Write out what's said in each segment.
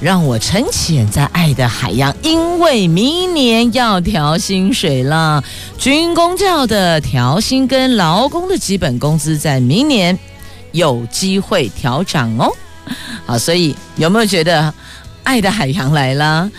讓我沉潛在愛的海洋，因為明年要調薪水了。軍公教的調薪跟勞工的基本工資在明年有機會調漲哦。好，所以有沒有覺得？愛的海洋來了，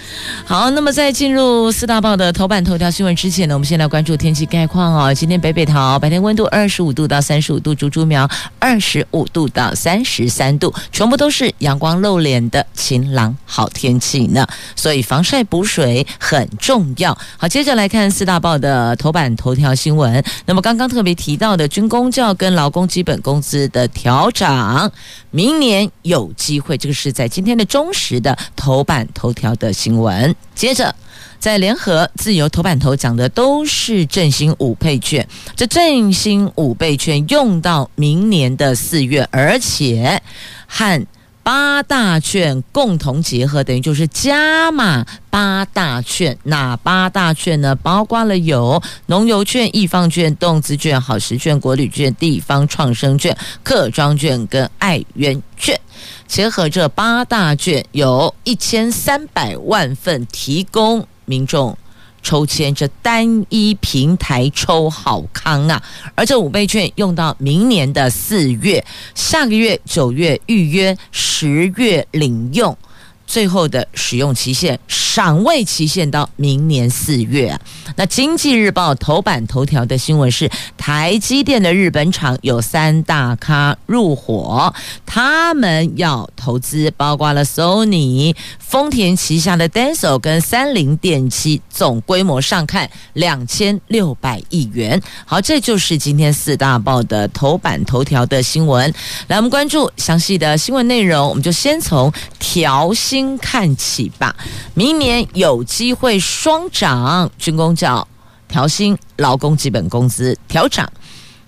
好，那麼在進入四大報的頭版頭條新聞之前呢，我們先來關注天氣概況哦。今天北北桃白天溫度二十五度到三十五度，竹竹苗二十五度到三十三度，全部都是陽光露臉的晴朗好天氣呢，所以防曬補水很重要。好，接着來看四大報的頭版頭條新聞。那麼剛剛特別提到的軍公教跟勞工基本工資的調整，明年有機會，這個是在今天的中時的。頭版頭條的新聞，接着在聯合自由頭版頭講的都是振興五倍券。這振興五倍券用到明年的四月，而且和。八大券共同結合，等於就是加碼八大券，哪八大券呢？包括了有農遊券、易方券、動資券、好食券、國旅券、地方創生券、客莊券跟愛園券。結合這八大券，有一千三百萬份提供民眾。抽籤這單一平台抽好康啊！而這五倍券用到明年的四月，下個月九月預約，十月領用。最後的使用期限，賞味期限到明年四月。那《經濟日報》頭版頭條的新聞是，台積電的日本廠有三大咖入夥，他們要投資，包括了 Sony 豐田旗下的 Denso 跟三菱電機，總規模上看兩千六百億元。好，這就是今天四大報的頭版頭條的新聞。來，我們關注詳細的新聞內容，我們就先從調薪。看起吧，明年有機會雙漲。軍公教調薪，勞工基本工資調漲。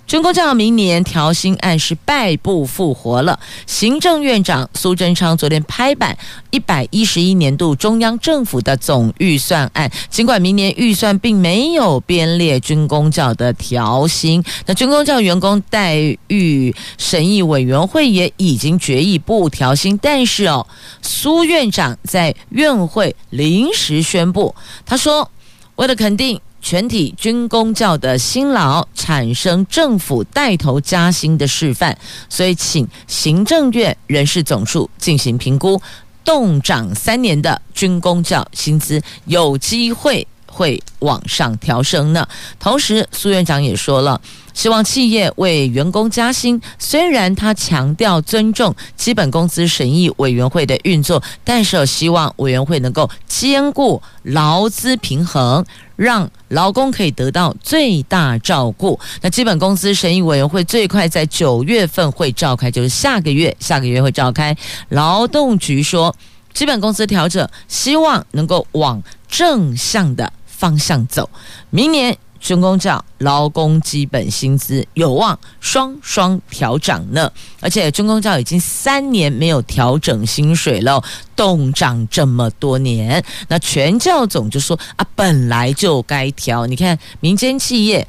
軍公教明年調薪案是敗部復活了。行政院長蘇貞昌昨天拍板，一百一十一年度中央政府的總預算案，儘管明年預算並沒有編列軍公教的調薪，那軍公教員工待遇審議委員會也已經決議不調薪，但是哦，蘇院長在院會臨時宣布，他說為了肯定。全體軍公教的辛勞產生政府帶頭加薪的示範，所以請行政院人事總處進行評估，凍漲三年的軍公教薪資有機會，會往上調升呢。同時，蘇院長也說了，希望企業為員工加薪。雖然他強調尊重基本工資審議委員會的運作，但是希望委員會能夠兼顧勞資平衡，讓勞工可以得到最大照顧。那基本工資審議委員會最快在九月份會召開，就是下個月，下個月會召開。勞動局說，基本工資調整希望能夠往正向的。方向走，明年軍公教勞工基本薪資有望雙雙調漲呢。而且軍公教已經三年沒有調整薪水了，凍漲這麼多年。那全教總就說啊，本來就該調。你看民間企業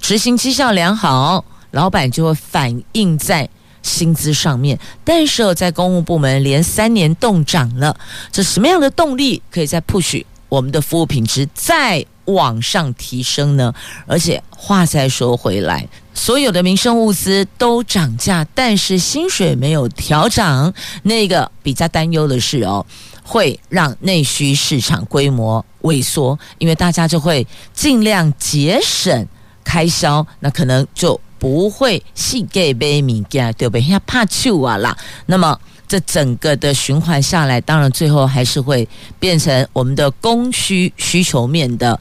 執行績效良好，老板就會反映在薪資上面，但是在公務部門連三年凍漲了，這什麼樣的動力可以再 push？我們的服務品質再往上提升呢，而且話再說回來，所有的民生物資都漲價，但是薪水沒有調漲，嗯、那個比較擔憂的是哦，會讓內需市場規模萎縮，因為大家就會盡量節省開銷，那可能就不會細給杯米加對不對？人怕去啊啦，那麼。這整個的循環下來，當然最後還是會變成我們的供需需求面的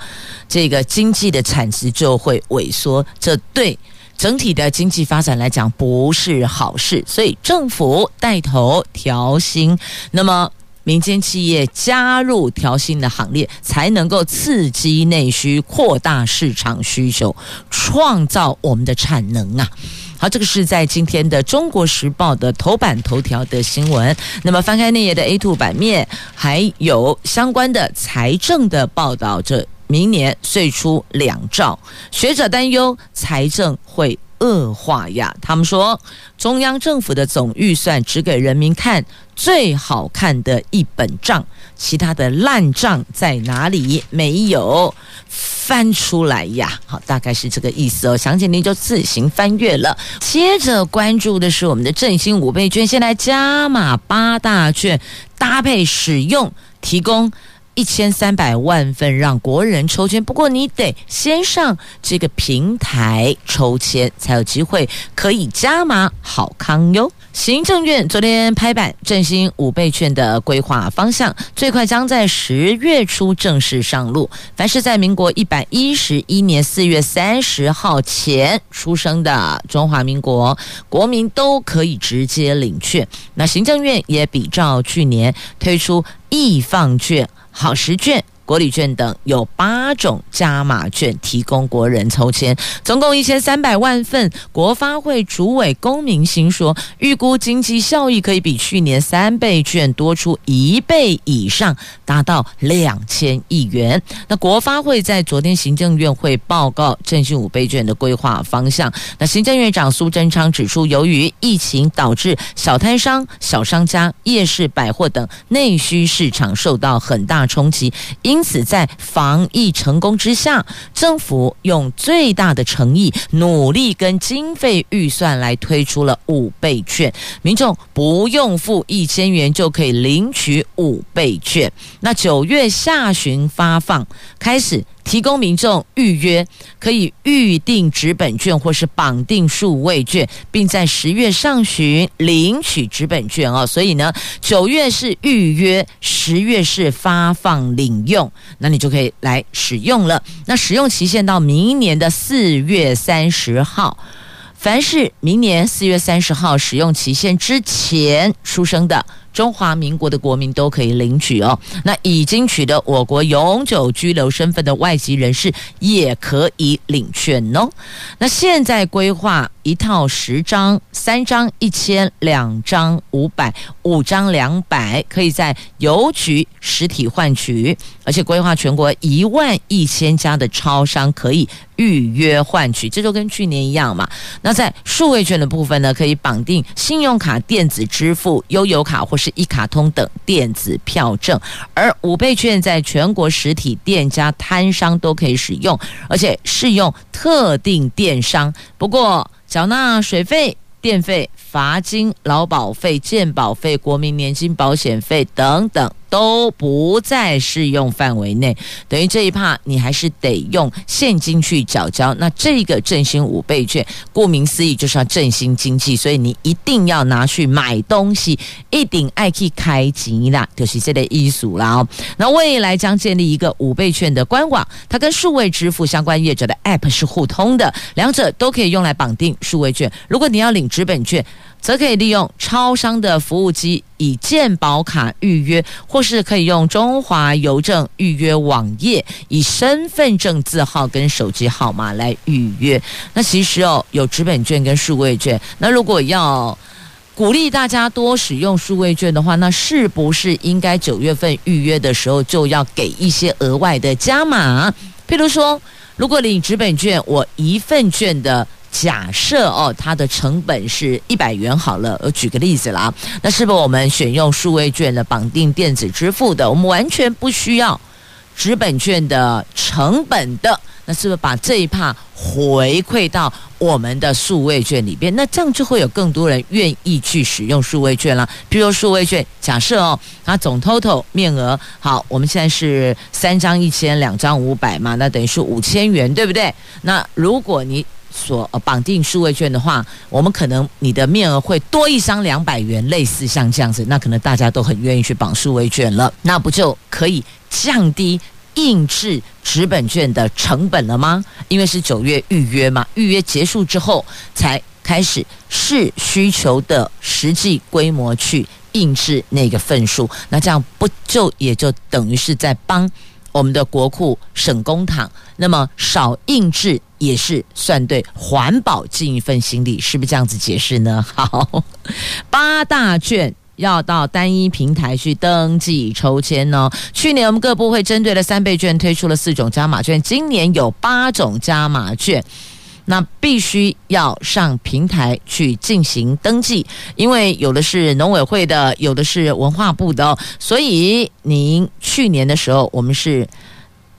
這個經濟的產值就會萎縮，這對整體的經濟發展來講不是好事，所以政府帶頭調薪，那麼。民間企業加入調薪的行列，才能夠刺激內需，擴大市場需求、創造我們的產能啊！好，這個是在今天的《中國時報》的頭版頭條的新聞。那麼翻開那頁的 A2 版面，還有相關的財政的報道。這明年歲出兩兆，學者擔憂財政會惡化呀。他們說，中央政府的總預算只給人民看，最好看的一本賬，其他的爛賬在哪裡沒有翻出來呀？好，大概是這個意思哦。詳情您就自行翻閱了。 接着關注的是我們的振興五倍券，現在加碼八大券搭配使用，提供。一千三百萬份，讓國人抽籤，不過你得先上這個平台抽籤，才有機會可以加碼好康喲。行政院昨天拍板振興五倍券的規劃方向，最快將在十月初正式上路。凡是在民國一百一十一年四月三十號前出生的中華民國國民，都可以直接領券。那行政院也比照去年推出藝 FUN 券。好試卷。國旅券等有八種加碼券提供國人抽籤，總共一千三百萬份。國發會主委龔明鑫說，預估經濟效益可以比去年三倍券多出一倍以上，達到兩千億元。那國發會在昨天行政院會報告振興五倍券的規劃方向。那行政院長蘇貞昌指出，由於疫情導致小攤商、小商家、夜市、百貨等內需市場受到很大衝擊，因此，在防疫成功之下，政府用最大的誠意、努力跟經費預算來推出了五倍券，民眾不用付一千元就可以領取五倍券。那九月下旬發放開始。提供民眾預約，可以預定紙本券或是綁定數位券，並在十月上旬領取紙本券哦。所以呢，九月是預約，十月是發放領用，那你就可以來使用了。那使用期限到明年的四月三十號，凡是明年四月三十號使用期限之前出生的，中華民國的國民都可以領取哦。那已經取得我國永久居留身份的外籍人士也可以領券哦。那現在規劃一套十張，三張一千，兩張五百，五張兩百，可以在郵局實體換取，而且規劃全國一萬一千家的超商可以預約換取，這就跟去年一樣嘛。那在數位券的部分呢，可以綁定信用卡、電子支付、悠游卡或是一卡通等電子票證。而五倍券在全國實體店家攤商都可以使用，而且適用特定電商。不過，繳納水費、電費、罰金、勞保費、健保費、國民年金保險費等等。都不在適用範圍內，等於這一趴你還是得用現金去繳交。那這個振興五倍券，顧名思義就是要振興經濟，所以你一定要拿去買東西。一定愛去開錢啦，就是這個意思啦。哦，那未來將建立一個五倍券的官網，它跟數位支付相關業者的 App 是互通的，兩者都可以用來綁定數位券。如果你要領紙本券，則可以利用超商的服務機以健保卡預約，或是可以用中華郵政預約網頁以身份證字號跟手機號碼來預約。那其實哦，有紙本券跟數位券。那如果要鼓勵大家多使用數位券的話，那是不是應該九月份預約的時候就要給一些額外的加碼？譬如說，如果領紙本券，我一份券的。假設哦，它的成本是一百元好了，我舉個例子啦啊。那是不是我們選用數位券的綁定電子支付的，我們完全不需要紙本券的成本的，那是不是把這一 part 回饋到我們的數位券裡邊？那這樣就會有更多人願意去使用數位券了。譬如數位券，假設哦，它總 total 面額好，我們現在是三張一千，兩張五百嘛，那等於是五千元，對不對？那如果你所綁定數位券的話，我們可能你的面額會多一張兩百元，類似像這樣子，那可能大家都很願意去綁數位券了，那不就可以降低印制紙本券的成本了嗎？因為是九月預約嘛，預約結束之後才開始視需求的實際規模去印制那個份數，那這樣不就也就等於是在幫。我們的國庫省公帑，那麼少印制也是算對環保盡一份心力，是不是這樣子解釋呢？好，八大券，要到單一平台去登記抽籤哦。去年我們各部會針對了三倍券，推出了四種加碼券，今年有八種加碼券。那必須要上平台去進行登記，因為有的是農委會的，有的是文化部的哦。所以您去年的時候，我們是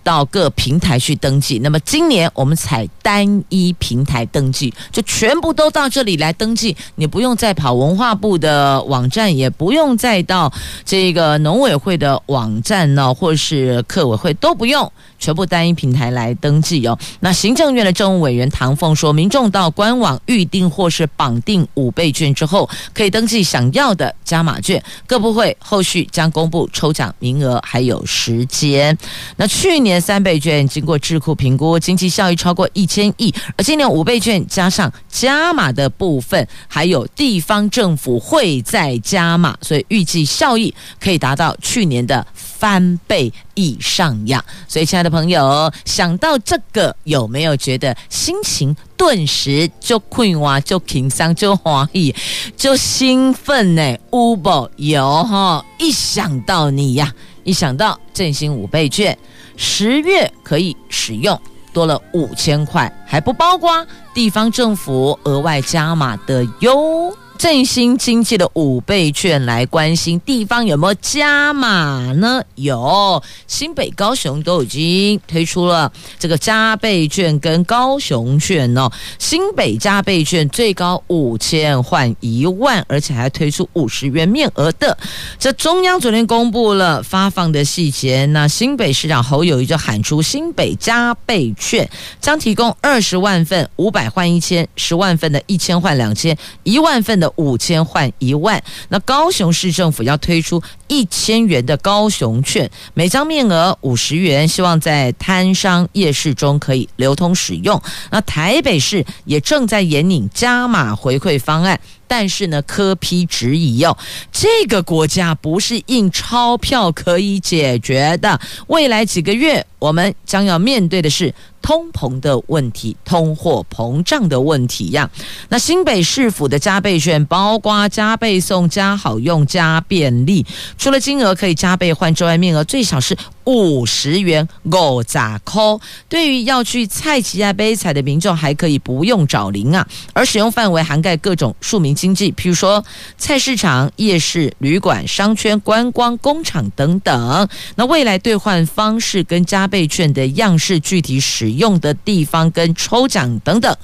到各平台去登記。那麼今年我們採單一平台登記，就全部都到這裡來登記，你不用再跑文化部的網站，也不用再到這個農委會的網站呢、哦，或是客委會都不用，全部單一平台來登記哦。那行政院的政務委員唐鳳說，民眾到官網預定或是綁定五倍券之後，可以登記想要的加碼券。各部會後續將公布抽獎名額還有時間。那去年三倍券經過智庫評估，經濟效益超過一千。千億，而今年五倍券加上加碼的部分，還有地方政府會再加碼，所以預計效益可以達到去年的翻倍以上呀。所以，親愛的朋友，想到這個有沒有覺得心情頓時就快活、就輕鬆、就歡喜、就興奮呢、啊？有不有哈？一想到你呀、啊，一想到振興五倍券，十月可以使用。多了五千塊，還不包括地方政府額外加碼的喲。振興經濟的五倍券，來關心地方有沒有加碼呢？有，新北、高雄都已經推出了這個加倍券跟高雄券哦。新北加倍券最高五千換一萬，而且還推出五十元面額的。這中央昨天公布了發放的細節，那新北市長侯友宜就喊出新北加倍券將提供二十萬份五百換一千、十萬份的一千換兩千、一萬份的。五千換一萬，那高雄市政府要推出一千元的高雄券，每張面額五十元，希望在攤商夜市中可以流通使用。那台北市也正在研擬加碼回饋方案。但是呢，柯 P 質疑喲，這個國家不是印鈔票可以解決的。未來幾個月，我們將要面對的是通膨的問題、通貨膨脹的問題呀、啊。那新北市府的加倍券包括加倍送、加好用、加便利，除了金額可以加倍換之外，面額最少是五十元。五十箍？對於要去菜市啊、杯采的民眾，還可以不用找零啊。而使用範圍涵蓋各種庶民經濟，譬如說菜市場、夜市、旅館、商圈、觀光、工廠等等。那未來兌換方式跟加倍券的樣式、具體使用的地方跟抽獎等等，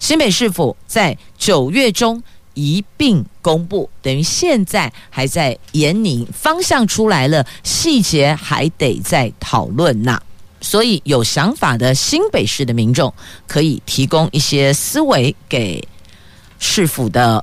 新北市府在九月中一併公布，等於現在還在研擬。方向出來了，細節還得再討論吶、啊。所以有想法的新北市的民眾，可以提供一些思維給市府的，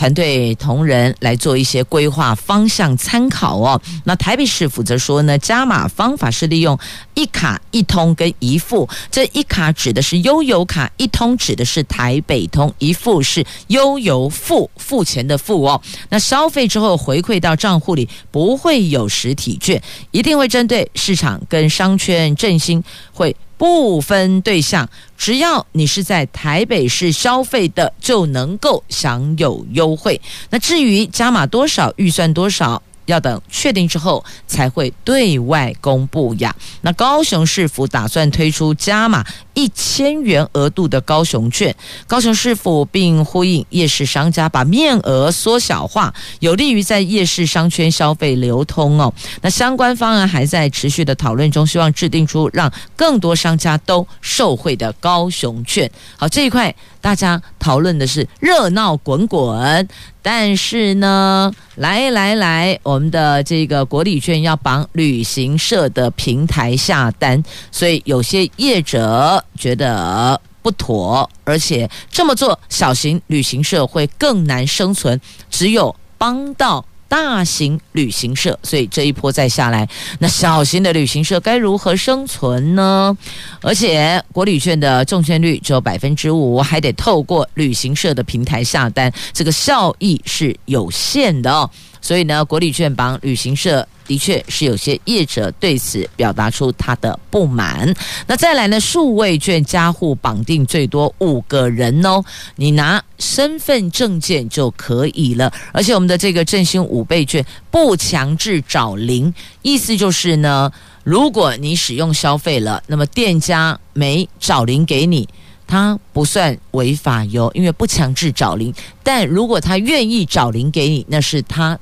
團隊同仁來做一些規劃方向參考哦。那台北市府則說呢，加碼方法是利用一卡一通跟一付。這一卡指的是悠遊卡，一通指的是台北通，一付是悠遊付，付錢的付哦。那消費之後回饋到賬戶裡不會有實體券，一定會針對市場跟商圈振興會。不分對象，只要你是在台北市消費的，就能夠享有優惠。那至於加碼多少，預算多少？要等確定之後才會對外公布呀。那高雄市府打算推出加碼一千元額度的高雄券，高雄市府並呼應夜市商家，把面額縮小化，有利於在夜市商圈消費流通哦。那相關方案還在持續的討論中，希望制定出讓更多商家都受惠的高雄券。好，這一塊。大家討論的是熱鬧滾滾，但是呢，來來來，我們的這個國旅券要綁旅行社的平台下單，所以有些業者覺得不妥，而且這麼做，小型旅行社會更難生存，只有幫到。大型旅行社，所以這一波再下來，那小型的旅行社該如何生存呢？而且國旅券的中簽率只有百分之五，還得透過旅行社的平台下單，這個效益是有限的哦。所以呢，國旅券綁旅行社。的確是有些業者對此表達出他的不滿。那再來呢？數位券，家戶綁定最多五個人哦，你拿身份證件就可以了。而且我們的這個振興五倍券不強制找零，意思就是呢，如果你使用消費了，那麼店家沒找零給你，他不算違法喲，因為不強制找零。但如果他願意找零給你，那是他。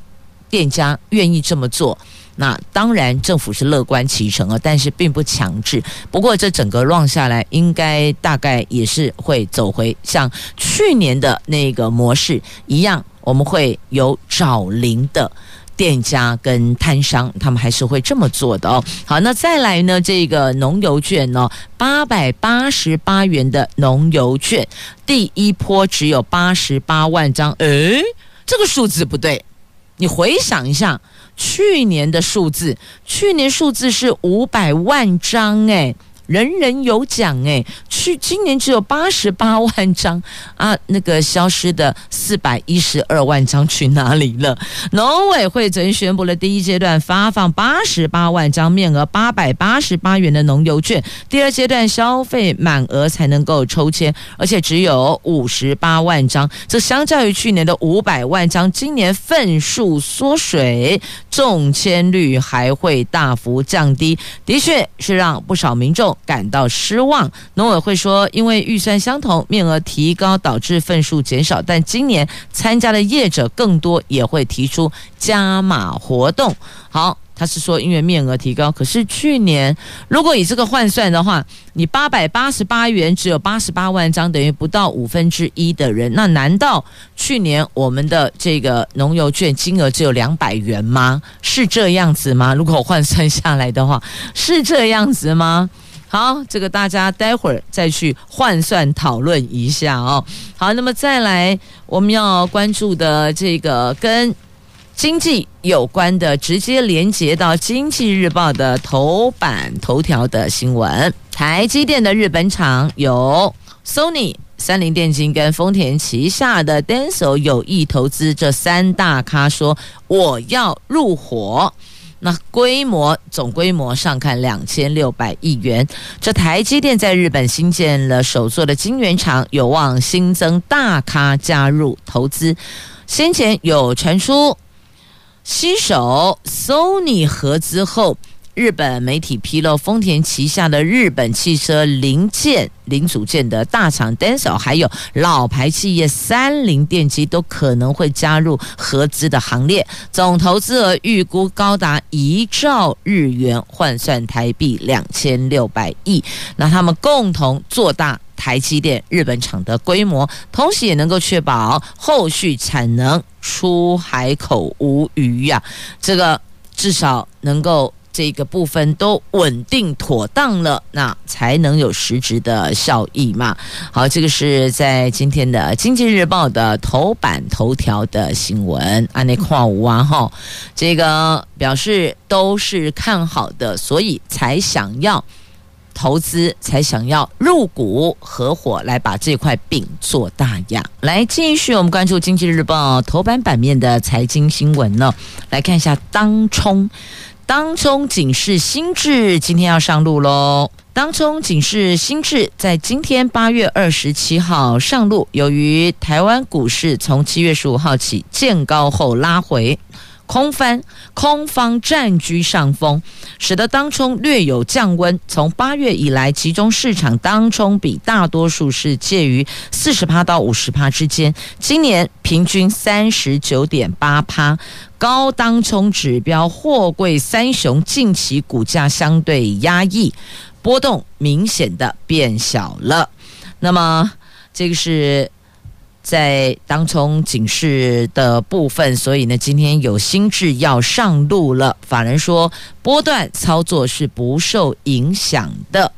店家願意這麼做，那當然政府是樂觀其成啊、哦，但是並不強制。不過這整個 run 下來，應該大概也是會走回像去年的那個模式一樣，我們會有找零的店家跟攤商，他們還是會這麼做的哦。好，那再來呢？這個農遊券呢、哦，八百八十八元的農遊券，第一波只有八十八萬張，誒，這個數字不對。你回想一下，去年的數字，去年數字是五百萬張誒、欸。人人有獎誒、欸，去今年只有八十八萬張啊，那個消失的四百一十二萬張去哪裡了？農委會曾宣布了第一階段發放八十八萬張面額八百八十八元的農遊券，第二階段消費滿額才能夠抽籤，而且只有五十八萬張，這相較於去年的五百萬張，今年份數縮水，中籤率還會大幅降低，的確是讓不少民眾。感到失望，農委會說，因為預算相同，面額提高導致份數減少，但今年參加的業者更多，也會提出加碼活動。好，他是說因為面額提高，可是去年如果以這個換算的話，你八百八十八元只有八十八萬張，等於不到五分之一的人。那難道去年我們的這個農遊券金額只有兩百元嗎？是這樣子嗎？如果換算下來的話，是這樣子嗎？好，這個大家待會兒再去換算討論一下哦。好，那麼再來，我們要關注的這個跟經濟有關的，直接連接到《經濟日報》的頭版頭條的新聞：台積電的日本廠有 Sony、三菱電機跟豐田旗下的 Denso 有意投資，這三大咖說我要入夥。那規模總規模上看兩千六百億元。這台積電在日本新建了首座的晶圓廠，有望新增大咖加入投資。先前有傳出，新手 n y 合資後。日本媒體披露，豐田旗下的日本汽車零件、零組件的大廠 Denso，還有老牌企業三菱電機，都可能會加入合資的行列，總投資額預估高達一兆日元，換算台幣兩千六百億。那他們共同做大台積電日本廠的規模，同時也能夠確保後續產能出海口無虞呀、啊。這個至少能夠。這個部分都穩定妥當了，那才能有實質的效益嘛。好，這個是在今天的《經濟日報》的頭版頭條的新聞看啊，內括弧啊哈，這個表示都是看好的，所以才想要投資，才想要入股合夥來把這塊餅做大呀。來，繼續我們關注《經濟日報》頭版版面的財經新聞呢，來看一下當沖。當沖警示新制今天要上路嘍。當沖警示新制在今天八月二十七號上路，由於台灣股市從七月十五號起見高後拉回。空翻，空方佔據上風，使得當沖略有降溫。從八月以來，集中市場當沖比大多數是介於四十趴到五十趴之間，今年平均三十九點八趴。高當沖指標貨櫃三雄近期股價相對壓抑，波動明顯的變小了。那麼，這個是。在當沖警示的部分，所以呢，今天有新制要上路了。法人說，波段操作是不受影響的。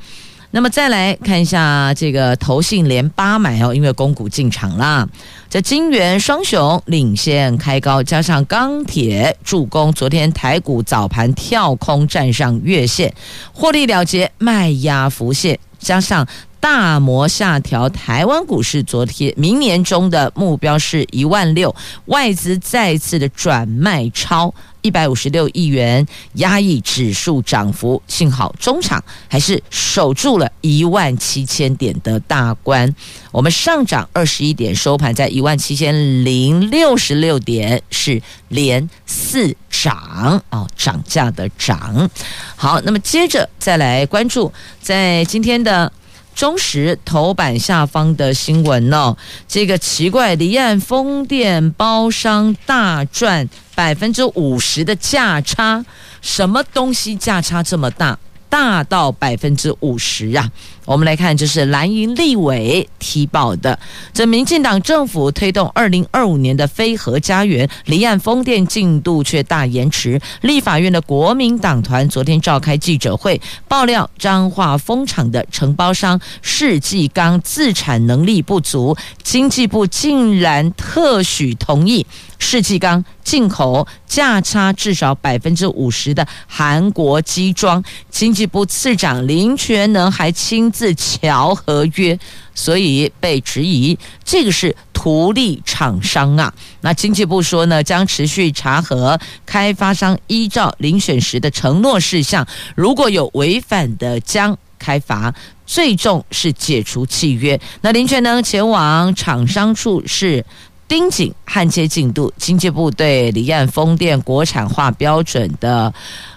那麼再來看一下這個投信連八買哦，因為公股進場啦。這金元雙雄領先開高，加上鋼鐵助攻。昨天台股早盤跳空站上月線，獲利了結賣壓浮現，加上。大摩下調台灣股市，昨天明年中的目標是一萬六，外資再次的轉賣超一百五十六億元，壓抑指數漲幅。幸好中場還是守住了一萬七千點的大關，我們上漲二十一點，收盤在一萬七千零六十六點，是連四漲哦。漲價的漲。好，那麼接着再來關注在今天的。中時頭版下方的新聞哦，這個奇怪，離岸風電包商大賺百分之五十的價差，什麼東西價差這麼大？大到百分之五十啊！我們來看，這是藍營立委提報的，這民進黨政府推動二零二五年的非核家園離岸風電進度卻大延遲。立法院的國民黨團昨天召開記者會，爆料彰化風場的承包商世紀鋼自產能力不足，經濟部竟然特許同意世紀鋼進口價差至少百分之五十的韓國機裝。經濟計部次長林全能還親自敲合約，所以被質疑這個是圖利廠商啊。那經濟部說呢，將持續查核開發商依照遴選時的承諾事項，如果有違反的，將開罰，最終是解除契約。那林全能前往廠商處是盯緊焊接進度。經濟部對離岸風電國產化標準的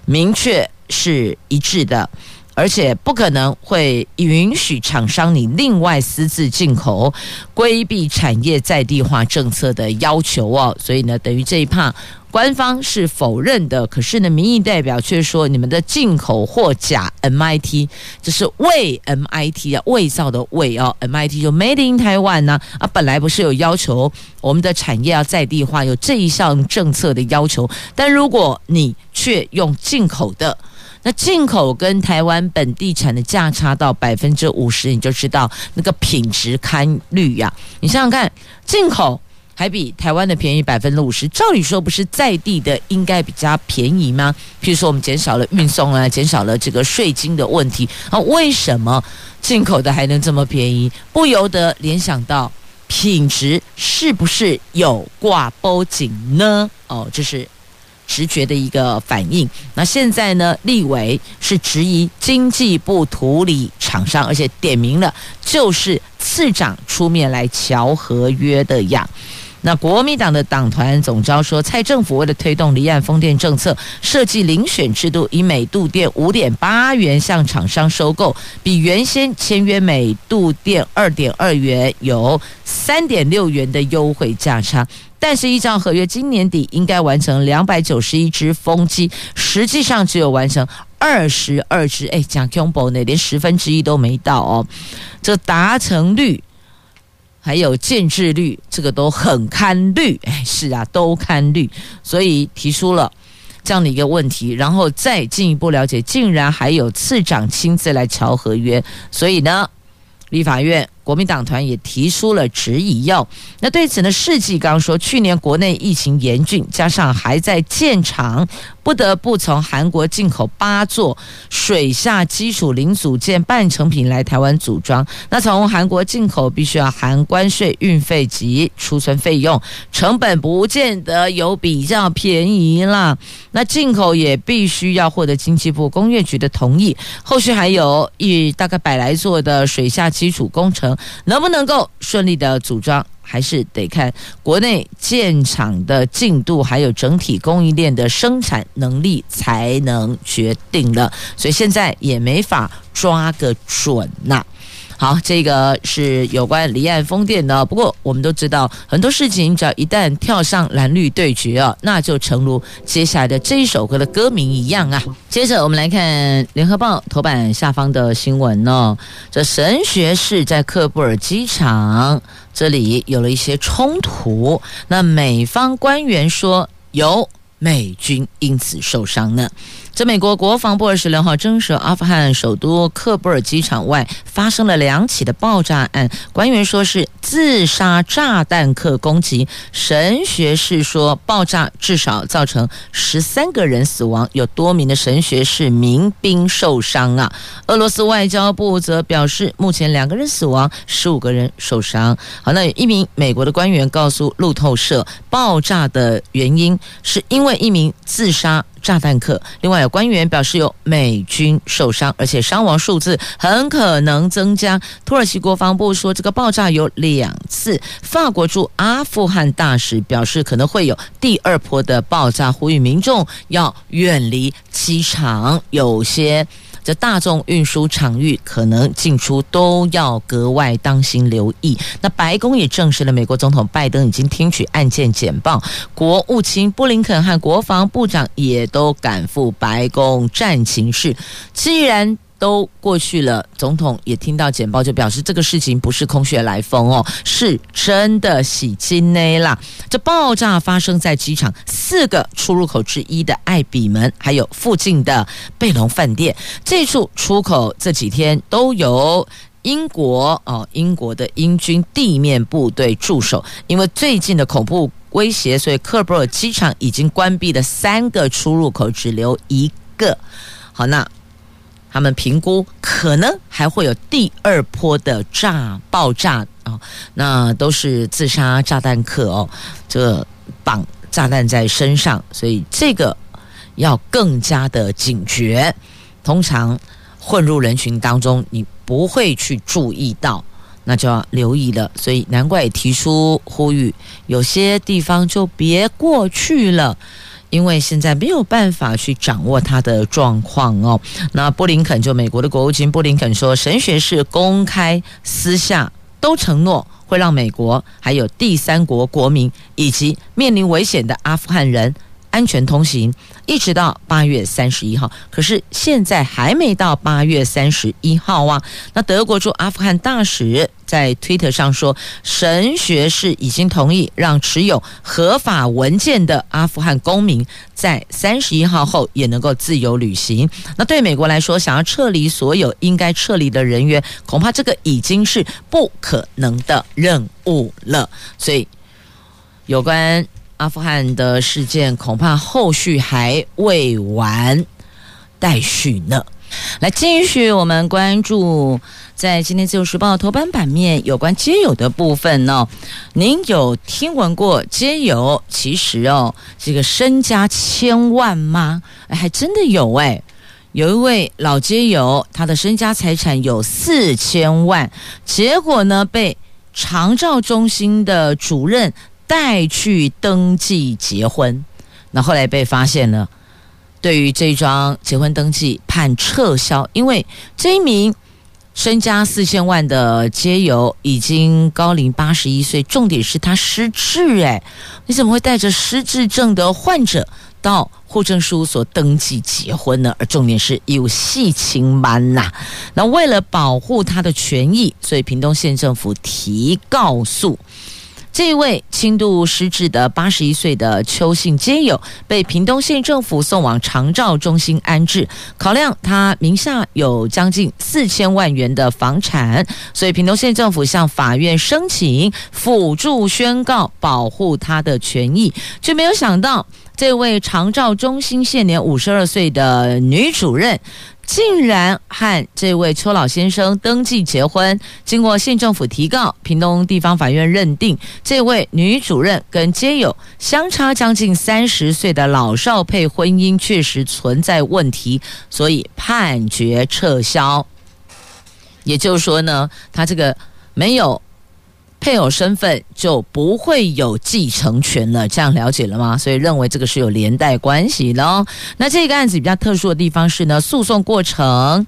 明確。是一致的，而且不可能會允許廠商你另外私自進口，規避產業在地化政策的要求哦。所以呢，等於這一趴官方是否認的，可是呢，民意代表卻說你們的進口貨假 MIT，就是偽 MIT 啊，偽造的偽哦，MIT 就 Made in Taiwan 呢啊，啊，本來不是有要求我們的產業要在地化，有這一項政策的要求，但如果你卻用進口的。那進口跟台灣本地產的價差到百分之五十，你就知道那個品質堪慮呀。你想想看，進口還比台灣的便宜百分之五十，照理說不是在地的應該比較便宜嗎？譬如說我們減少了運送啊，減少了這個稅金的問題，啊，為什麼進口的還能這麼便宜？不由得聯想到品質是不是有掛保證呢？哦，這、就是。直覺的一個反應。那現在呢？立委是質疑經濟部圖利廠商，而且點名了，就是次長出面來喬合約的呀。那國民黨的黨團總召說，蔡政府為了推動離岸風電政策，設計遴選制度，以每度電五點八元向廠商收購，比原先簽約每度電二點二元有三點六元的優惠價差。但是依照合約，今年底應該完成兩百九十一隻風機，實際上只有完成二十二隻，哎，講 combo 呢，連十分之一都沒到哦，這達成率還有建置率，這個都很堪慮，哎，是啊，都堪慮，所以提出了這樣的一個問題，然後再進一步了解，竟然還有次長親自來調合約，所以呢，立法院。.國民黨團也提出了質疑，要。那對此呢，世紀鋼說，去年國內疫情嚴峻，加上還在建廠。不得不從韓國進口八座水下基礎零組件半成品來台灣組裝。那從韓國進口必須要含關稅、運費及儲存費用，成本不見得有比較便宜了。那進口也必須要獲得經濟部工業局的同意。後續還有一大概百來座的水下基礎工程，能不能夠順利的組裝？還是得看國內建廠的進度，還有整體供應鏈的生產能力才能決定的，所以現在也沒法抓個準吶、啊。好，這個是有關離岸風電的。不過，我們都知道很多事情，只要一旦跳上藍綠對決啊，那就誠如接下來的這一首歌的歌名一樣啊。接着，我們來看聯合報頭版下方的新聞呢、哦。這神學士在喀布爾機場這裡有了一些衝突，那美方官員說有美軍因此受傷呢。在美國國防部二十六號證實，阿富汗首都喀布爾機場外發生了兩起的爆炸案。官員說是自殺炸彈客攻擊。神學士說，爆炸至少造成十三個人死亡，有多名的神學士民兵受傷啊。俄羅斯外交部則表示，目前兩個人死亡，十五個人受傷。好，那有一名美國的官員告訴路透社，爆炸的原因是因為一名自殺。炸彈客。另外，有官員表示有美軍受傷，而且傷亡數字很可能增加。土耳其國防部說，這個爆炸有兩次。法國駐阿富汗大使表示，可能會有第二波的爆炸，呼籲民眾要遠離機場。有些。在大眾運輸場域，可能進出都要格外當心留意。那白宮也證實了，美國總統拜登已經聽取案件簡報，國務卿布林肯和國防部長也都趕赴白宮戰情室。既然都過去了，總統也聽到簡報，就表示這個事情不是空穴來風哦，是真的係金 ㄟ 啦。這爆炸發生在機場四個出入口之一的艾比門，還有附近的貝隆飯店。這處出口這幾天都由英國哦，英國的英軍地面部隊駐守，因為最近的恐怖威脅，所以喀布爾機場已經關閉了三個出入口，只留一個。好，那。他們評估可能還會有第二波的炸爆炸啊，哦，那都是自殺炸彈客哦，這綁炸彈在身上，所以這個要更加的警覺。通常混入人群當中，你不會去注意到，那就要留意了。所以難怪也提出呼籲，有些地方就別過去了。因為現在沒有辦法去掌握他的狀況哦。那布林肯，就美國的國務卿布林肯說，神學士公開、私下都承諾會讓美國還有第三國國民以及面臨危險的阿富汗人。安全通行，一直到八月三十一號。可是現在還沒到八月三十一號啊。那德國駐阿富汗大使在推特上說，神學士已經同意讓持有合法文件的阿富汗公民在三十一號後也能夠自由旅行。那對美國來說，想要撤離所有應該撤離的人員，恐怕這個已經是不可能的任務了。所以，有關。阿富汗的事件恐怕後續還未完待續呢。來，繼續我們關注在今天《自由時報》頭版版面有關街友的部分呢、哦。您有聽聞過街友，其實哦，這個身家千萬嗎？哎，還真的有哎，有一位老街友，他的身家財產有四千萬，結果呢，被長照中心的主任。帶去登記結婚，那後來被發現呢，對於這樁結婚登記判撤銷，因為這一名身家四千萬的街友已經高齡八十一歲，重點是他失智、欸，哎，你怎麼會帶着失智症的患者到戶政事務所登記結婚呢？而重點是有細情滿吶、啊，那為了保護他的權益，所以屏東縣政府提告訴。這一位輕度失智的八十一歲的邱姓街友，被屏東縣政府送往長照中心安置。考量他名下有將近四千萬元的房產，所以屏東縣政府向法院申請輔助宣告保護他的權益，卻沒有想到，這位長照中心現年五十二歲的女主任。竟然和這位邱老先生登記結婚，經過縣政府提告，屏東地方法院認定，這位女主任跟街友相差將近三十歲的老少配婚姻確實存在問題，所以判決撤銷。也就是說呢，他這個沒有。配偶身份，就不會有繼承權了，這樣了解了嗎？所以認為這個是有連帶關係嘍。那這個案子比較特殊的地方是呢，訴訟過程，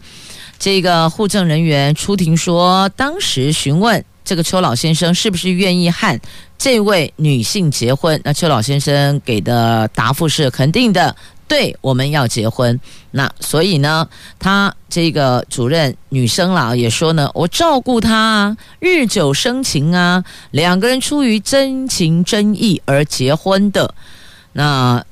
這個戶政人員出庭說，當時詢問這個邱老先生是不是願意和這位女性結婚，那邱老先生給的答覆是肯定的。對，我們要結婚。那所以呢，他這個主任女生老也說呢，我照顧他啊，日久生情啊，兩個人出於真情真意而結婚的。那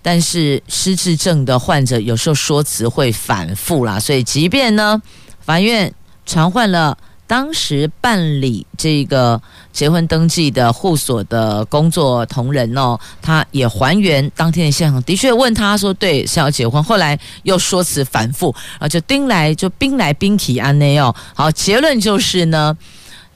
但是失智症的患者有時候說辭會反復啦，所以即便呢，法院傳喚了。當時辦理這個結婚登記的戶所的工作同仁哦，他也還原當天的現場，的確問他說：“對，是要結婚。”後來又說辭反復，啊，就丁來就冰來冰提，安內哦好，結論就是呢，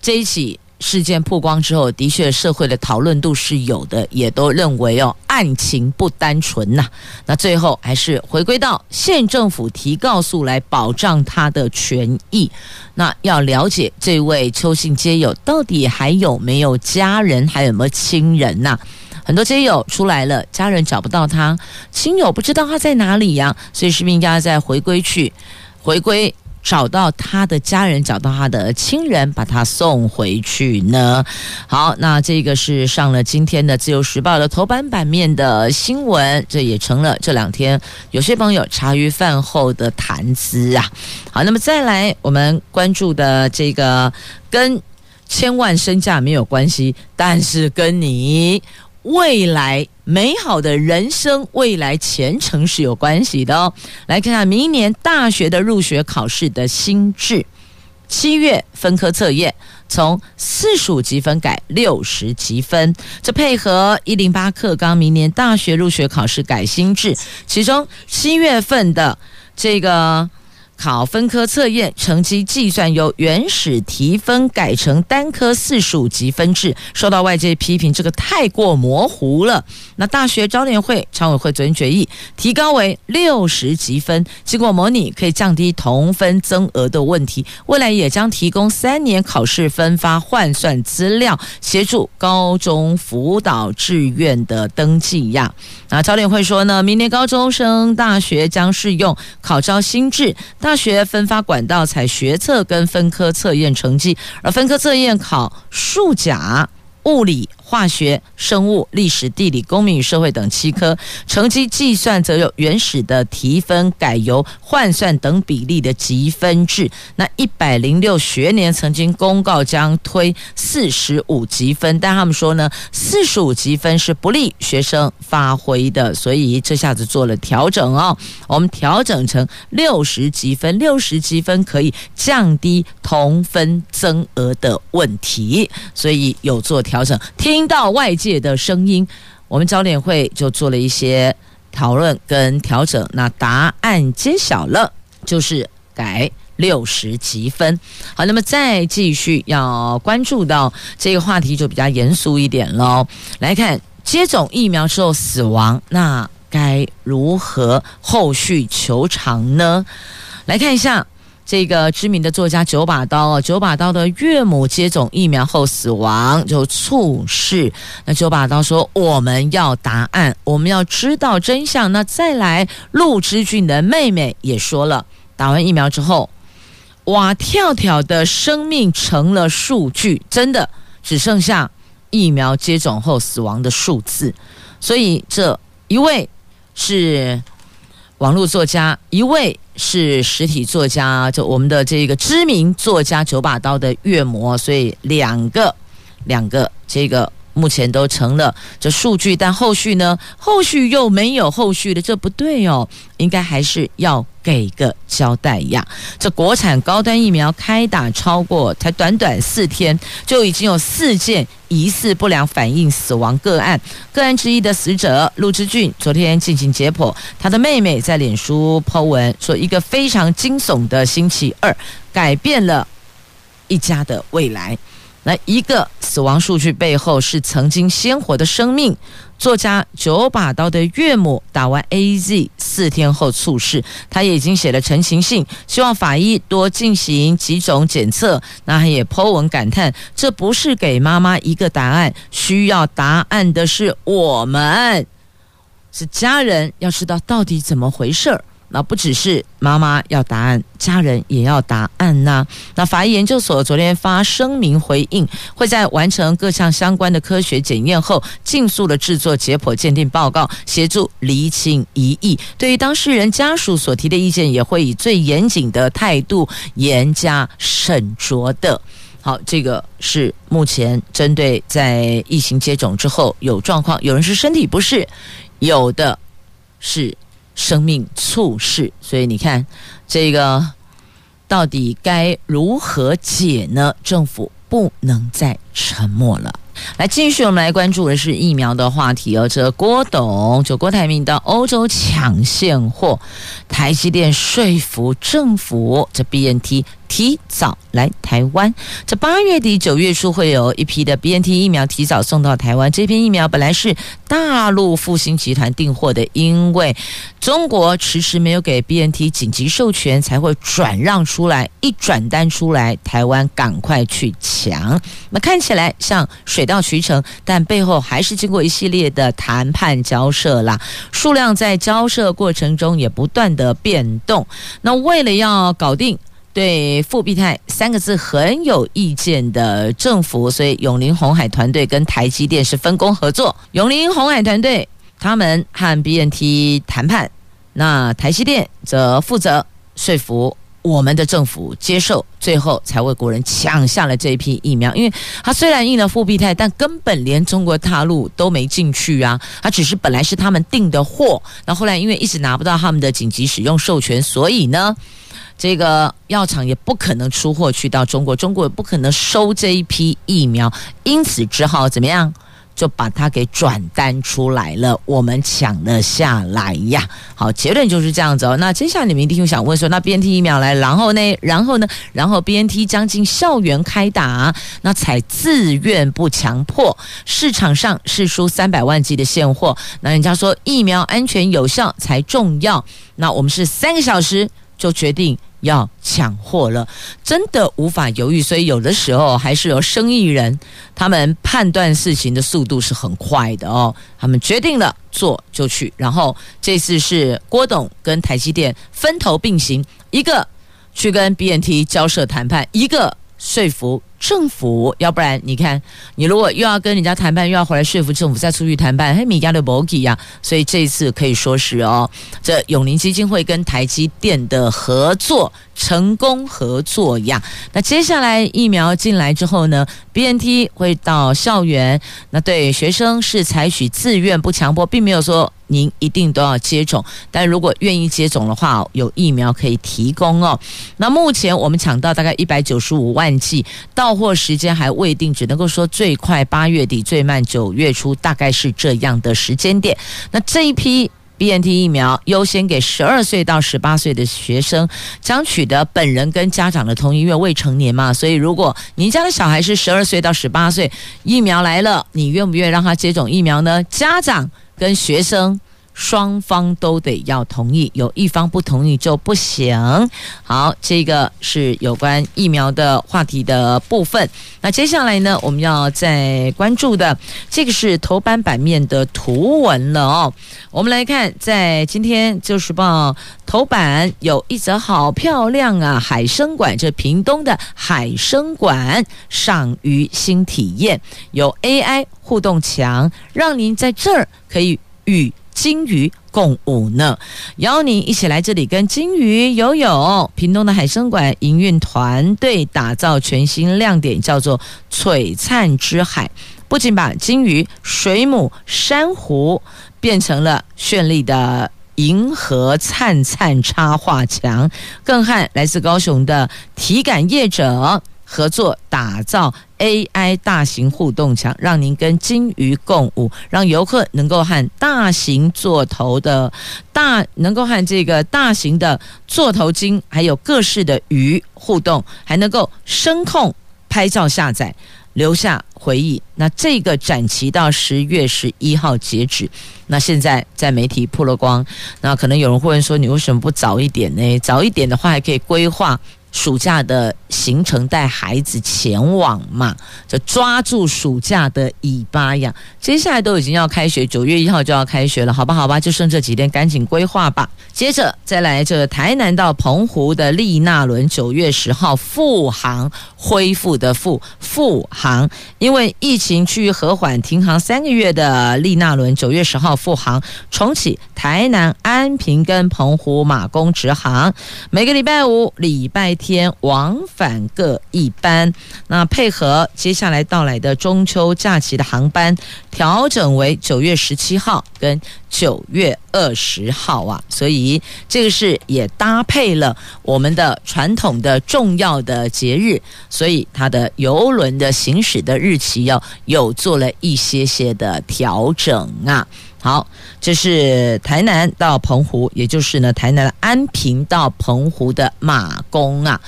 這一起，事件曝光之後，的確社會的討論度是有的，也都認為哦案情不單純吶、啊。那最後還是回歸到縣政府提告訴來保障他的權益。那要了解這位邱姓街友到底還有沒有家人，還有沒有親人吶、啊？很多街友出來了，家人找不到他，親友不知道他在哪裡呀、啊，所以市民應該再回歸去，回歸。找到他的家人，找到他的親人，把他送回去呢。好，那這個是上了今天的《自由時報》的頭版版面的新聞，這也成了這兩天有些朋友茶餘飯後的談資啊。好，那麼再來我們關注的這個跟千萬身價沒有關係，但是跟你。未來美好的人生，未來前程是有關係的哦。來看看明年大學的入學考試的新制，七月分科測驗從四十五級分改六十級分，這配合一零八課綱，明年大學入學考試改新制，其中七月份的這個。考分科測驗成績計算由原始提分改成單科四十五級分制，受到外界批評，這個太過模糊了。那大學招聯會常委會昨天決議，提高為六十級分，經過模擬可以降低同分增額的問題。未來也將提供三年考試分發換算資料，協助高中輔導志願的登記呀。那招聯會說呢，明年高中升大學將適用考招新制大學分發管道採學測跟分科測驗成績，而分科測驗考數甲、物理。化學、生物、歷史、地理、公民與社會等七科成績計算，則有原始的提分、改由換算等比例的級分制。那一百零六學年曾經公告將推四十五級分，但他們說呢，四十五級分是不利學生發揮的，所以這下子做了調整哦。我們調整成六十級分，六十級分可以降低同分增額的問題，所以有做調整。聽。聽到外界的聲音，我們早點會就做了一些討論跟調整。那答案揭曉了，就是改六十級分。好，那麼再繼續要關注到這個話題，就比較嚴肅一點嘍。來看，接種疫苗之後死亡，那該如何後續求償呢？來看一下。這個知名的作家九把刀啊，九把刀的岳母接種疫苗後死亡就猝逝。那九把刀說：“我們要答案，我們要知道真相。”那再來，陸之俊的妹妹也說了，打完疫苗之後，哇，跳跳的生命成了數據，真的只剩下疫苗接種後死亡的數字。所以，這一位是網絡作家，一位。是實體作家，就我們的這個知名作家九把刀的月魔，所以兩個，兩個這個。目前都成了這數據，但後續呢？後續又沒有後續的，這不對哦，應該還是要給個交代呀。這國產高端疫苗開打超過才短短四天，就已經有四件疑似不良反應死亡個案，個案之一的死者陸之俊昨天進行解剖，他的妹妹在臉書 Po 文說一個非常驚悚的星期二，改變了一家的未來。來一個死亡數據背後是曾經鮮活的生命。作家，九把刀的岳母打完 AZ 四天後猝逝，他也已經寫了陳情信，希望法醫多進行幾種檢測。那他也頗為感嘆，這不是給媽媽一個答案，需要答案的是我們，是家人，要知道到底怎麼回事兒。那不只是媽媽要答案，家人也要答案吶、啊。那法醫研究所昨天發聲明回應，會在完成各項相關的科學檢驗後，盡速的制作解剖鑑定報告，協助釐清疑義。對於當事人家屬所提的意見，也會以最嚴謹的態度嚴加審酌的。好，這個是目前針對在疫情接種之後有狀況，有人是身體不適，有的是。生命促使，所以你看，這個到底該如何解呢？政府不能再沉默了。來，繼續我們來關注的是疫苗的話題哦。這郭董，就郭台銘到歐洲搶現貨，台積電說服政府，這 BNT。提早來台灣，這八月底九月初會有一批的 BNT 疫苗提早送到台灣。這批疫苗本來是大陸復興集團訂貨的，因為中國遲遲沒有給 BNT 緊急授權，才會轉讓出來。一轉單出來，台灣趕快去搶。那看起來像水到渠成，但背後還是經過一系列的談判交涉啦。數量在交涉過程中也不斷的變動。那為了要搞定。對復必泰三個字很有意見的政府，所以永齡鴻海團隊跟台積電是分工合作。永齡鴻海團隊他們和 BNT 談判，那台積電則負責說服我們的政府接受，最後才為國人搶下了這一批疫苗。因為它雖然印了復必泰，但根本連中國大陸都沒進去啊！它只是本來是他們訂的貨，那後、後來因為一直拿不到他們的緊急使用授權，所以呢。這個藥廠也不可能出貨去到中國，中國也不可能收這一批疫苗，因此只好怎麼樣，就把它給轉單出來了，我們搶了下來呀。好，結論就是這樣子哦。那接下來你們一定又想問說，那 BNT 疫苗來，然後呢？然後呢？然後 BNT 將進校園開打，那才自願不強迫，市場上是輸三百萬劑的現貨，那人家說疫苗安全有效才重要，那我們是三個小時就決定。要搶貨了，真的無法猶豫，所以有的時候還是有生意人，他們判斷事情的速度是很快的哦。他們決定了做就去，然後這次是郭董跟台積電分頭並行，一個去跟 BNT 交涉談判，一個說服。政府，要不然你看，你如果又要跟人家談判，又要回來說服政府，再出去談判，嘿，米家的邏輯呀。所以這一次可以說是哦，這永齡基金會跟台積電的合作成功合作呀。那接下來疫苗進來之後呢，BNT 會到校園，那對學生是採取自願不強迫，並沒有說。您一定都要接種，但如果願意接種的話，有疫苗可以提供哦。那目前我們搶到大概一百九十五萬劑，到貨時間還未定，只能夠說最快八月底，最慢九月初，大概是這樣的時間點。那這一批。BNT 疫苗優先給十二歲到十八歲的學生，將取得本人跟家長的同意，因為未成年嘛。所以，如果您家的小孩是十二歲到十八歲，疫苗來了，你願不願意讓他接種疫苗呢？家長跟學生。雙方都得要同意，有一方不同意就不行。好，這個是有關疫苗的話題的部分。那接下來呢，我們要再關注的這個是頭版版面的圖文了哦。我們來看，在今天《就是報》頭版有一則好漂亮啊！海生館，這屏東的海生館，賞魚新體驗，有 AI 互動牆，讓您在這兒可以與金魚共舞呢，邀您一起來這裡跟金魚游泳。屏東的海生館營運團隊打造全新亮點，叫做“璀璨之海”，不僅把金魚、水母、珊瑚變成了絢麗的銀河燦燦插畫牆，更和來自高雄的體感業者。合作打造 AI 大型互動牆，讓您跟鯨魚共舞，讓遊客能夠和大型座頭的大，能夠和這個大型的座頭鯨還有各式的魚互動，還能夠聲控拍照下載，留下回憶。那這個展期到十月十一號截止。那現在在媒體曝了光，那可能有人會問說，你為什麼不早一點呢？早一點的話，還可以規劃。暑假的行程帶孩子前往嘛，就抓住暑假的尾巴呀！接下來都已經要開學，九月一號就要開學了，好吧，好吧，就剩這幾天，趕緊規劃吧。接着再來，這台南到澎湖的麗娜輪九月十號復航，恢復的復、復航，因為疫情趨於和緩，停航三個月的麗娜輪九月十號復航，重啟台南安平跟澎湖馬公直航，每個禮拜五、禮拜。天往返各一班，那配合接下來到來的中秋假期的航班，調整為九月十七號跟九月二十號啊。所以這個是也搭配了我們的傳統的重要的節日，所以它的遊輪的行駛的日期要有做了一些些的調整啊。好，這是台南到澎湖，也就是呢台南的安平到澎湖的馬公啊。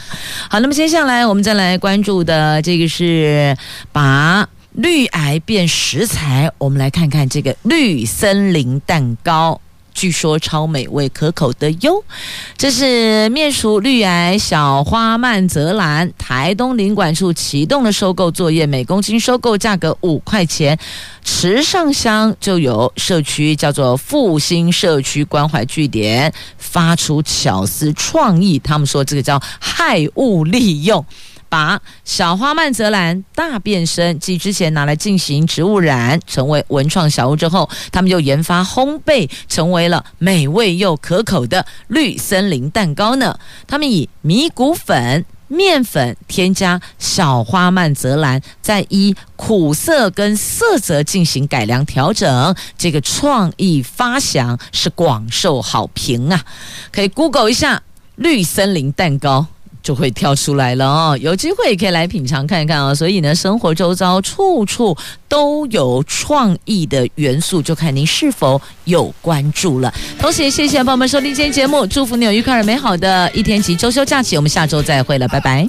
好，那麼接下來我們再來關注的這個是把綠癌變食材，我們來看看這個綠森林蛋糕。據說超美味可口的喲，這是滅除綠癌小花蔓澤蘭，台東林管處啟動了收購作業，每公斤收購價格五塊錢。池上鄉就有社區叫做復興社區關懷據點，發出巧思創意，他們說這個叫害物利用，把小花曼澤蘭大變身，繼之前拿來進行植物染，成為文創小屋之後，他們又研發烘焙，成為了美味又可口的綠森林蛋糕呢。他們以米谷粉、麵粉添加小花曼澤蘭，再以苦澀跟色澤進行改良調整，這個創意發想是廣受好評啊！可以 Google 一下綠森林蛋糕。就會跳出來了哦，有機會也可以來品嘗看一看哦。所以呢，生活周遭處處都有創意的元素，就看您是否有關注了。同時，也謝謝朋友們收聽今天節目，祝福你有愉快而美好的一天及周休假期。我們下周再會了，拜拜。